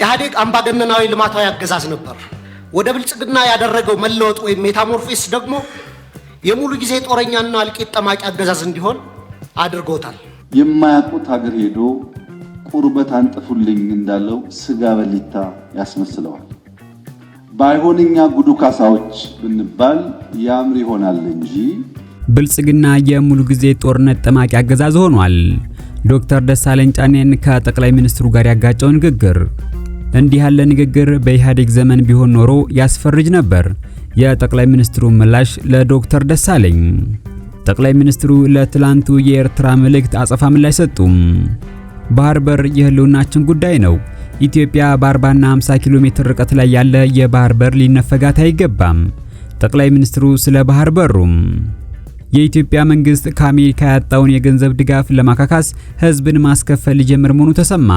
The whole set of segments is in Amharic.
ኢህአዴግ አምባገነናዊ ልማታዊ አገዛዝ ነበር። ወደ ብልጽግና ያደረገው መለወጥ ወይም ሜታሞርፊስ ደግሞ የሙሉ ጊዜ ጦረኛና እልቂት ጠማቂ አገዛዝ እንዲሆን አድርጎታል። የማያውቁት ሀገር ሄዶ ቁርበት አንጥፉልኝ እንዳለው ስጋ በሊታ ያስመስለዋል። ባይሆንኛ ጉዱ ካሳዎች ብንባል ያምር ይሆናል እንጂ ብልጽግና የሙሉ ጊዜ ጦርነት ጠማቂ አገዛዝ ሆኗል። ዶክተር ደሳለኝ ጫኔን ከጠቅላይ ሚኒስትሩ ጋር ያጋጨው ንግግር እንዲህ ያለ ንግግር በኢህአዴግ ዘመን ቢሆን ኖሮ ያስፈርጅ ነበር። የጠቅላይ ሚኒስትሩ ምላሽ ለዶክተር ደሳለኝ። ጠቅላይ ሚኒስትሩ ለትላንቱ የኤርትራ መልእክት አጸፋ ምላሽ ሰጡ። ባህር በር የህልውናችን ጉዳይ ነው። ኢትዮጵያ በ40ና 50 ኪሎ ሜትር ርቀት ላይ ያለ የባህር በር ሊነፈጋት አይገባም። ጠቅላይ ሚኒስትሩ ስለ ባህር በሩም የኢትዮጵያ መንግስት ከአሜሪካ ያጣውን የገንዘብ ድጋፍ ለማካካስ ህዝብን ማስከፈል ሊጀምር መሆኑ ተሰማ።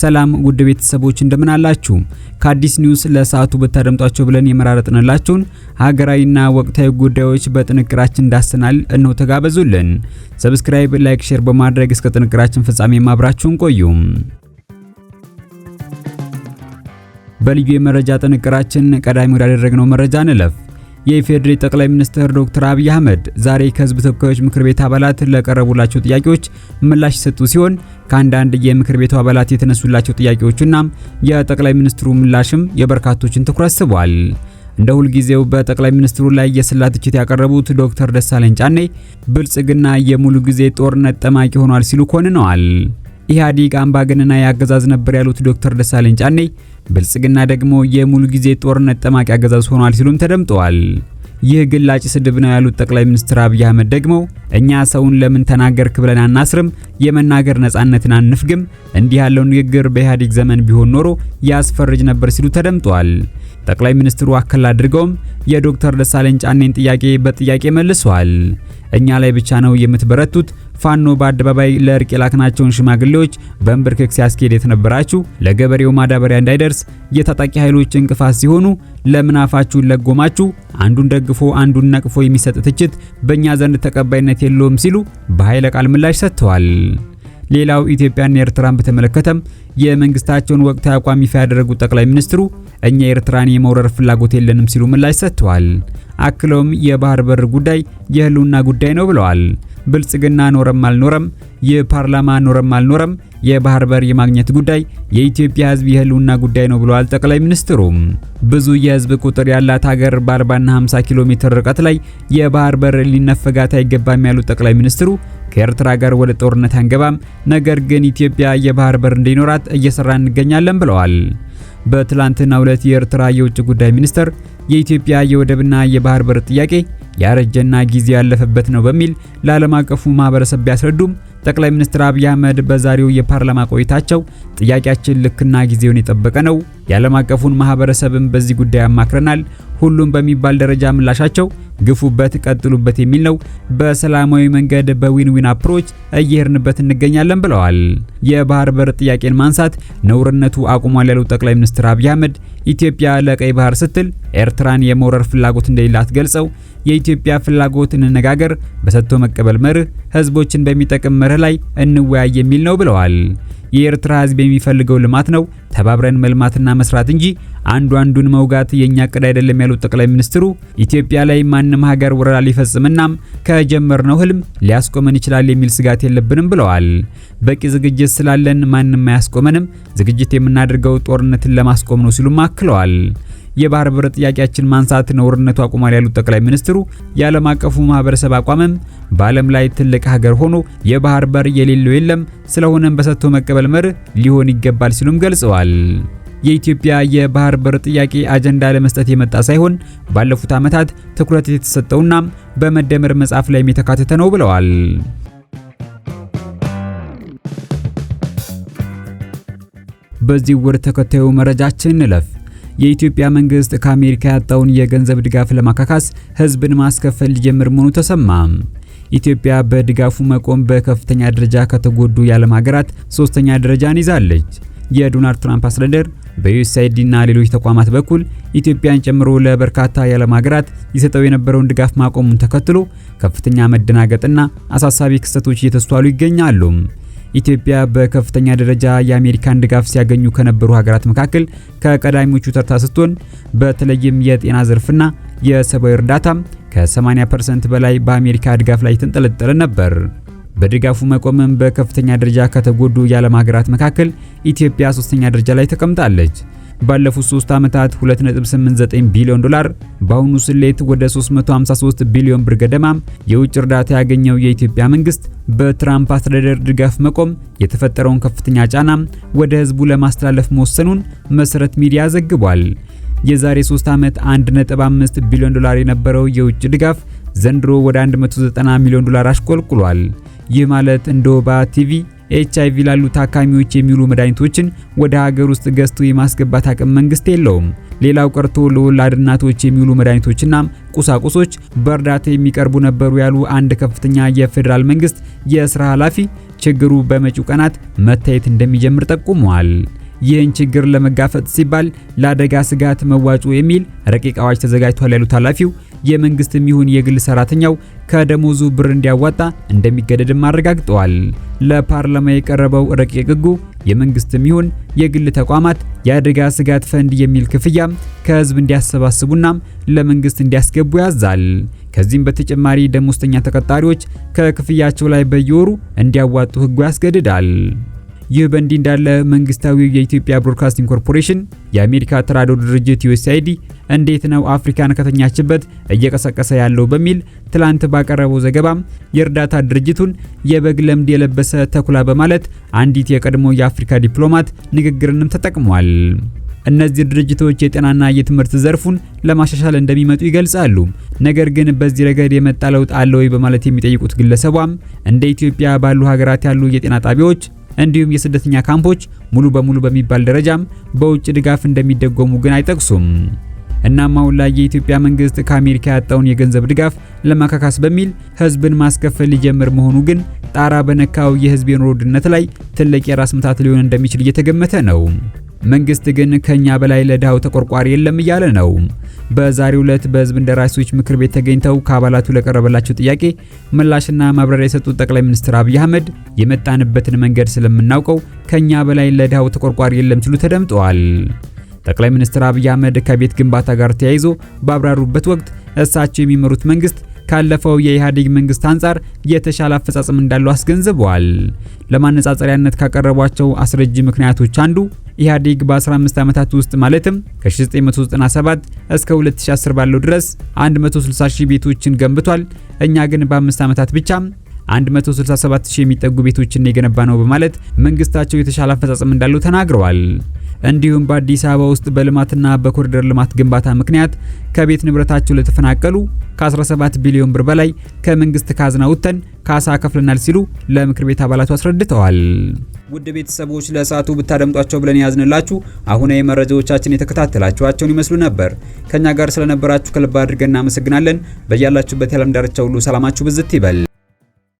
ሰላም ውድ ቤተሰቦች እንደምን አላችሁ? ከአዲስ ኒውስ ለሰዓቱ ብታደምጧቸው ብለን የመራረጥንላችሁን ሀገራዊና ወቅታዊ ጉዳዮች በጥንቅራችን እንዳስናል። እነሆ ተጋበዙልን። ሰብስክራይብ፣ ላይክ፣ ሼር በማድረግ እስከ ጥንቅራችን ፍጻሜ ማብራችሁን ቆዩ። በልዩ የመረጃ ጥንቅራችን ቀዳሚ ወዳደረግነው መረጃ እንለፍ። የኢፌዴሪ ጠቅላይ ሚኒስትር ዶክተር አብይ አህመድ ዛሬ ከህዝብ ተወካዮች ምክር ቤት አባላት ለቀረቡላቸው ጥያቄዎች ምላሽ ሰጡ ሲሆን ከአንዳንድ የምክር ቤቱ አባላት የተነሱላቸው ጥያቄዎችና የጠቅላይ ሚኒስትሩ ምላሽም የበርካቶችን ትኩረት ስቧል። እንደ ሁልጊዜው በጠቅላይ ሚኒስትሩ ላይ የስላ ትችት ያቀረቡት ዶክተር ደሳለኝ ጫኔ ብልጽግና የሙሉ ጊዜ ጦርነት ጠማቂ ሆኗል ሲሉ ኮንነዋል። ኢህአዴግ አምባገነና የአገዛዝ ነበር ያሉት ዶክተር ደሳለኝ ጫኔ ብልጽግና ደግሞ የሙሉ ጊዜ ጦርነት ጠማቂ አገዛዝ ሆኗል ሲሉም ተደምጠዋል። ይህ ግላጭ ስድብ ነው ያሉት ጠቅላይ ሚኒስትር አብይ አህመድ ደግሞ እኛ ሰውን ለምን ተናገርክ ብለን አናስርም፣ የመናገር ነጻነትን አንፍግም፣ እንዲህ ያለው ንግግር በኢህአዴግ ዘመን ቢሆን ኖሮ ያስፈርጅ ነበር ሲሉ ተደምጠዋል። ጠቅላይ ሚኒስትሩ አከል አድርገውም የዶክተር ደሳለኝ ጫኔን ጥያቄ በጥያቄ መልሰዋል። እኛ ላይ ብቻ ነው የምትበረቱት፣ ፋኖ በአደባባይ ለእርቅ የላክናቸውን ሽማግሌዎች በንብርክክ ሲያስኬድ የተነበራችሁ ለገበሬው ማዳበሪያ እንዳይደርስ የታጣቂ ኃይሎች እንቅፋት ሲሆኑ ለምን አፋችሁን ለጎማችሁ? አንዱን ደግፎ አንዱን ነቅፎ የሚሰጥ ትችት በእኛ ዘንድ ተቀባይነት የለውም ሲሉ በኃይለ ቃል ምላሽ ሰጥተዋል። ሌላው ኢትዮጵያና ኤርትራን በተመለከተም የመንግስታቸውን ወቅታዊ አቋም ይፋ ያደረጉት ጠቅላይ ሚኒስትሩ እኛ ኤርትራን የመውረር ፍላጎት የለንም ሲሉ ምላሽ ሰጥተዋል። አክለውም የባህር በር ጉዳይ የህልውና ጉዳይ ነው ብለዋል። ብልጽግና ኖረም አልኖረም፣ የፓርላማ ኖረም አልኖረም የባህር በር የማግኘት ጉዳይ የኢትዮጵያ ህዝብ የህልውና ጉዳይ ነው ብለዋል ጠቅላይ ሚኒስትሩ። ብዙ የህዝብ ቁጥር ያላት ሀገር በ40ና 50 ኪሎ ሜትር ርቀት ላይ የባህር በር ሊነፈጋት አይገባም ያሉት ጠቅላይ ሚኒስትሩ ከኤርትራ ጋር ወደ ጦርነት አንገባም፣ ነገር ግን ኢትዮጵያ የባህር በር እንዲኖራት እየሰራ እንገኛለን ብለዋል። በትላንትናው ዕለት የኤርትራ የውጭ ጉዳይ ሚኒስትር የኢትዮጵያ የወደብና የባህር በር ጥያቄ ያረጀና ጊዜ ያለፈበት ነው በሚል ለዓለም አቀፉ ማህበረሰብ ቢያስረዱም ጠቅላይ ሚኒስትር አብይ አህመድ በዛሬው የፓርላማ ቆይታቸው ጥያቄያችን ልክና ጊዜውን የጠበቀ ነው የዓለም አቀፉን ማህበረሰብን በዚህ ጉዳይ አማክረናል። ሁሉም በሚባል ደረጃ ምላሻቸው ግፉበት፣ ቀጥሉበት የሚል ነው። በሰላማዊ መንገድ በዊን ዊን አፕሮች እየሄድንበት እንገኛለን ብለዋል። የባህር በር ጥያቄን ማንሳት ነውርነቱ አቁሟል ያሉት ጠቅላይ ሚኒስትር አብይ አህመድ ኢትዮጵያ ለቀይ ባህር ስትል ኤርትራን የመውረር ፍላጎት እንደሌላት ገልጸው የኢትዮጵያ ፍላጎት እንነጋገር፣ በሰጥቶ መቀበል መርህ፣ ህዝቦችን በሚጠቅም መርህ ላይ እንወያይ የሚል ነው ብለዋል። የኤርትራ ህዝብ የሚፈልገው ልማት ነው። ተባብረን መልማትና መስራት እንጂ አንዱ አንዱን መውጋት የኛ እቅድ አይደለም ያሉት ጠቅላይ ሚኒስትሩ ኢትዮጵያ ላይ ማንም ሀገር ወረራ ሊፈጽምናም ከጀመርነው ህልም ሊያስቆመን ይችላል የሚል ስጋት የለብንም ብለዋል። በቂ ዝግጅት ስላለን ማንም አያስቆመንም፣ ዝግጅት የምናደርገው ጦርነትን ለማስቆም ነው ሲሉም አክለዋል። የባህር በር ጥያቄያችን ማንሳት ነውርነቱ አቁሟል ያሉት ጠቅላይ ሚኒስትሩ የዓለም አቀፉ ማህበረሰብ አቋምም በዓለም ላይ ትልቅ ሀገር ሆኖ የባህር በር የሌለው የለም፣ ስለሆነም በሰጥቶ መቀበል መርህ ሊሆን ይገባል ሲሉም ገልጸዋል። የኢትዮጵያ የባህር በር ጥያቄ አጀንዳ ለመስጠት የመጣ ሳይሆን ባለፉት ዓመታት ትኩረት የተሰጠውና በመደመር መጽሐፍ ላይም የተካተተ ነው ብለዋል። በዚህ ወር ተከታዩ መረጃችን እንለፍ። የኢትዮጵያ መንግስት ከአሜሪካ ያጣውን የገንዘብ ድጋፍ ለማካካስ ህዝብን ማስከፈል ሊጀምር መሆኑ ተሰማ። ኢትዮጵያ በድጋፉ መቆም በከፍተኛ ደረጃ ከተጎዱ የዓለም ሀገራት ሶስተኛ ደረጃን ይዛለች። የዶናልድ ትራምፕ አስተዳደር በዩኤስአይዲ እና ሌሎች ተቋማት በኩል ኢትዮጵያን ጨምሮ ለበርካታ የዓለም ሀገራት ይሰጠው የነበረውን ድጋፍ ማቆሙን ተከትሎ ከፍተኛ መደናገጥና አሳሳቢ ክስተቶች እየተስተዋሉ ይገኛሉ። ኢትዮጵያ በከፍተኛ ደረጃ የአሜሪካን ድጋፍ ሲያገኙ ከነበሩ ሀገራት መካከል ከቀዳሚዎቹ ተርታ ስትሆን በተለይም የጤና ዘርፍና የሰብአዊ እርዳታ ከ80% በላይ በአሜሪካ ድጋፍ ላይ የተንጠለጠለ ነበር። በድጋፉ መቆምም በከፍተኛ ደረጃ ከተጎዱ የዓለም ሀገራት መካከል ኢትዮጵያ ሶስተኛ ደረጃ ላይ ተቀምጣለች። ባለፉት 3 ዓመታት 2.89 ቢሊዮን ዶላር በአሁኑ ስሌት ወደ 353 ቢሊዮን ብር ገደማ የውጭ እርዳታ ያገኘው የኢትዮጵያ መንግስት በትራምፕ አስተዳደር ድጋፍ መቆም የተፈጠረውን ከፍተኛ ጫና ወደ ህዝቡ ለማስተላለፍ መወሰኑን መሰረት ሚዲያ ዘግቧል። የዛሬ 3 ዓመት 1.5 ቢሊዮን ዶላር የነበረው የውጭ ድጋፍ ዘንድሮ ወደ 190 ሚሊዮን ዶላር አሽቆልቁሏል። ይህ ማለት እንደ ወባ ቲቪ ኤች ኤችአይቪ ላሉ ታካሚዎች የሚውሉ መድኃኒቶችን ወደ ሀገር ውስጥ ገዝቶ የማስገባት አቅም መንግስት የለውም። ሌላው ቀርቶ ለወላድ እናቶች የሚውሉ መድኃኒቶችና ቁሳቁሶች በእርዳታ የሚቀርቡ ነበሩ ያሉ አንድ ከፍተኛ የፌዴራል መንግስት የስራ ኃላፊ ችግሩ በመጪው ቀናት መታየት እንደሚጀምር ጠቁመዋል። ይህን ችግር ለመጋፈጥ ሲባል ለአደጋ ስጋት መዋጮ የሚል ረቂቅ አዋጅ ተዘጋጅቷል ያሉት ኃላፊው የመንግስትም ይሁን የግል ሰራተኛው ከደሞዙ ብር እንዲያዋጣ እንደሚገደድም አረጋግጠዋል። ለፓርላማ የቀረበው ረቂቅ ሕጉ የመንግስትም ይሁን የግል ተቋማት የአደጋ ስጋት ፈንድ የሚል ክፍያ ከህዝብ እንዲያሰባስቡና ለመንግስት እንዲያስገቡ ያዛል። ከዚህም በተጨማሪ ደሞዝተኛ ተቀጣሪዎች ከክፍያቸው ላይ በየወሩ እንዲያዋጡ ሕጉ ያስገድዳል። ይህ በእንዲህ እንዳለ መንግስታዊው የኢትዮጵያ ብሮድካስቲንግ ኮርፖሬሽን የአሜሪካ ተራድኦ ድርጅት ዩኤስአይዲ እንዴት ነው አፍሪካን ከተኛችበት እየቀሰቀሰ ያለው በሚል ትላንት ባቀረበው ዘገባም የእርዳታ ድርጅቱን የበግ ለምድ የለበሰ ተኩላ በማለት አንዲት የቀድሞ የአፍሪካ ዲፕሎማት ንግግርንም ተጠቅሟል። እነዚህ ድርጅቶች የጤናና የትምህርት ዘርፉን ለማሻሻል እንደሚመጡ ይገልጻሉ። ነገር ግን በዚህ ረገድ የመጣ ለውጥ አለ ወይ በማለት የሚጠይቁት ግለሰቧም እንደ ኢትዮጵያ ባሉ ሀገራት ያሉ የጤና ጣቢያዎች እንዲሁም የስደተኛ ካምፖች ሙሉ በሙሉ በሚባል ደረጃም በውጭ ድጋፍ እንደሚደጎሙ ግን አይጠቅሱም። እናም አሁን ላይ የኢትዮጵያ መንግስት ከአሜሪካ ያጣውን የገንዘብ ድጋፍ ለማካካስ በሚል ህዝብን ማስከፈል ሊጀምር መሆኑ ግን ጣራ በነካው የህዝብ የኑሮ ውድነት ላይ ትልቅ የራስ ምታት ሊሆን እንደሚችል እየተገመተ ነው። መንግስት ግን ከኛ በላይ ለድሃው ተቆርቋሪ የለም እያለ ነው። በዛሬው ዕለት በህዝብ እንደራሴዎች ምክር ቤት ተገኝተው ከአባላቱ ለቀረበላቸው ጥያቄ ምላሽና ማብራሪያ የሰጡት ጠቅላይ ሚኒስትር አብይ አህመድ የመጣንበትን መንገድ ስለምናውቀው ከኛ በላይ ለድሃው ተቆርቋሪ የለም ሲሉ ተደምጠዋል። ጠቅላይ ሚኒስትር አብይ አህመድ ከቤት ግንባታ ጋር ተያይዞ ባብራሩበት ወቅት እሳቸው የሚመሩት መንግስት ካለፈው የኢህአዴግ መንግስት አንጻር የተሻለ አፈጻጸም እንዳለው አስገንዝበዋል። ለማነጻጸሪያነት ካቀረቧቸው አስረጅ ምክንያቶች አንዱ ኢህአዴግ በ15 ዓመታት ውስጥ ማለትም ከ1997 እስከ 2010 ባለው ድረስ 160 ሺህ ቤቶችን ገንብቷል። እኛ ግን በ5 ዓመታት ብቻ 167 ሺህ የሚጠጉ ቤቶችን የገነባ ነው በማለት መንግስታቸው የተሻለ አፈጻጸም እንዳለው ተናግረዋል። እንዲሁም በአዲስ አበባ ውስጥ በልማትና በኮሪደር ልማት ግንባታ ምክንያት ከቤት ንብረታቸው ለተፈናቀሉ ከ17 ቢሊዮን ብር በላይ ከመንግስት ካዝና ውጥተን ካሳ ከፍለናል ሲሉ ለምክር ቤት አባላቱ አስረድተዋል። ውድ ቤተሰቦች ለሰዓቱ ብታደምጧቸው ብለን ያዝንላችሁ አሁናዊ መረጃዎቻችን የተከታተላችኋቸውን ይመስሉ ነበር። ከኛ ጋር ስለነበራችሁ ከልብ አድርገን እናመሰግናለን። በያላችሁበት የዓለም ዳርቻ ሁሉ ሰላማችሁ ብዝት ይበል።